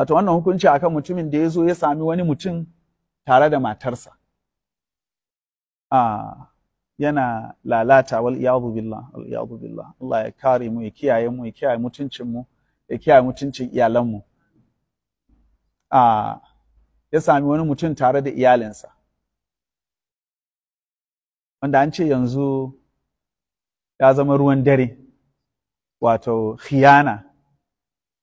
wato wannan hukunci akan mutumin da ya zo ya sami wani mutum tare da matarsa yana lalata wal iyadu billah Allah ya kare mu ya kiyaye mu ya kiyaye mutuncin ya kiyaye mutuncin iyalan mu ya sami wani mutum tare da iyalinsa wanda an ce yanzu ya zama ruwan dare wato khiyana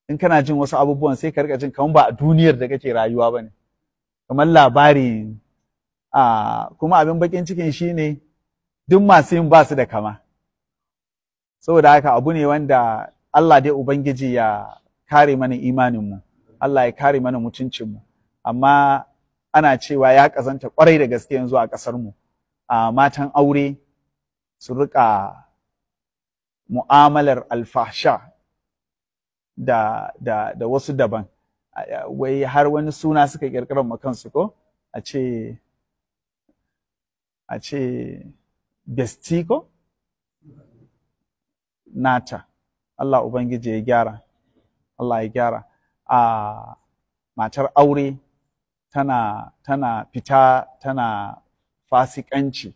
in kana jin wasu abubuwan sai ka rika jin kamar ba a duniyar da kake rayuwa ba ne kamar labari a kuma abin bakin cikin shine duk masu yin ba su da kama saboda haka abu ne wanda Allah dai ubangiji ya kare mana imaninmu Allah ya kare mana mutuncinmu amma ana cewa ya kazanta kwarai da gaske yanzu a ƙasar mu a matan aure su rika mu'amalar alfasha da, da, da wasu daban wai har wani suna suka kirkira ma kansu ko a ce a ce bestiko nata Allah Ubangiji ya gyara Allah ya gyara a matar aure tana tana fita tana fasikanci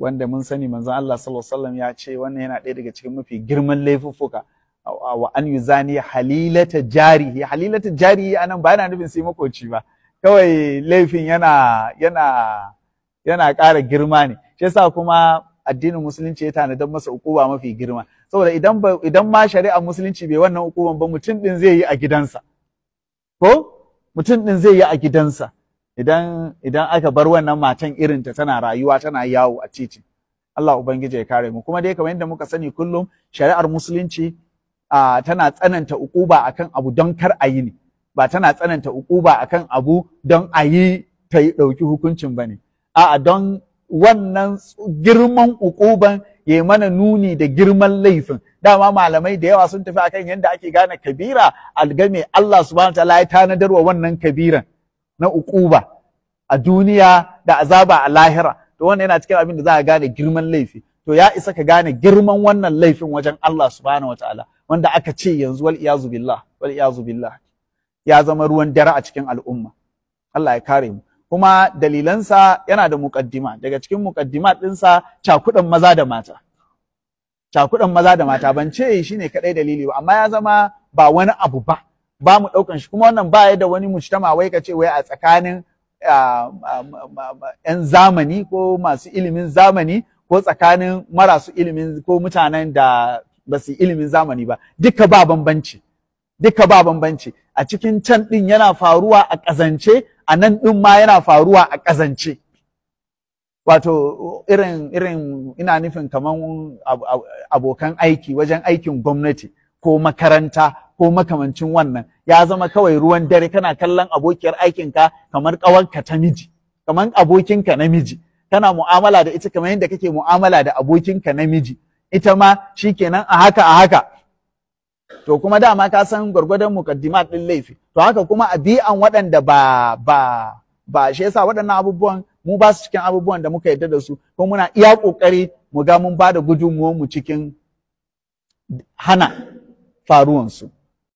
wanda mun sani manzon Allah sallallahu alaihi wasallam ya ce wannan yana ɗaya daga cikin mafi girman laifuffuka wa an zani halilata jarihi halilata jarihi anan ba na nufin sai makoci ba kawai laifin yana yana yana ƙara girma ne shi yasa kuma addinin musulunci ya don masa ukuba mafi girma saboda idan idan ma shari'ar musulunci bai wannan ukuban ba mutum din zai yi a gidansa ko mutum din zai yi a gidansa idan idan aka bar wannan matan irinta tana rayuwa tana yawo a titi Allah ubangiji ya kare mu kuma dai kamar yadda muka sani kullum shari'ar musulunci tana tsananta ukuba akan abu don kar a yi ne ba tana tsananta ukuba akan abu don a yi ta ɗauki hukuncin ba ne a'a don wannan girman ukuban ya mana nuni da girman laifin dama malamai da yawa sun tafi akan yadda ake gane kabira algame Allah subhanahu ta'ala ya tanadar wa wannan kabiran na ukuba a duniya da azaba a lahira to wannan yana cikin abin da za a gane girman laifi to ya isa ka gane girman wannan laifin wajen Allah subhanahu wataala wanda aka ce yanzu wal iyazu billah wal iyazu billah ya zama ruwan dare a cikin al'umma Allah ya kare mu kuma dalilansa yana da muqaddima daga cikin muqaddima ɗinsa cakudan maza da mata cakudan maza da mata ban ce shine kadai dalili ba amma ya zama ba wani abu ba ba mu ɗaukan shi kuma wannan ba da wani mujtama wai ka ce wai a tsakanin ah, ah, ah, 'yan zamani ko masu ilimin zamani ko tsakanin marasu ilimin ko mutanen da ba su ilimin zamani ba duka ba bambanci duka ba bambanci a cikin can ɗin yana faruwa a ƙazance a nan ɗin ma yana faruwa a ƙazance wato irin irin ina nufin kamar abokan aiki wajen aikin gwamnati ko makaranta ko makamancin wannan ya zama kawai ruwan dare kana kallon abokiyar aikinka kamar ƙawarka ta miji kamar abokinka namiji kana mu'amala da ita kamar yadda kake mu'amala da abokinka namiji ita ma shikenan a haka a haka to kuma dama ka san gwargwadon mukaddimat din laifi to haka kuma a bi'an waɗanda ba ba ba shi yasa waɗannan abubuwan mu ba su cikin abubuwan da muka yarda da su ko muna iya kokari mu ga mun ba da mu cikin hana faruwansu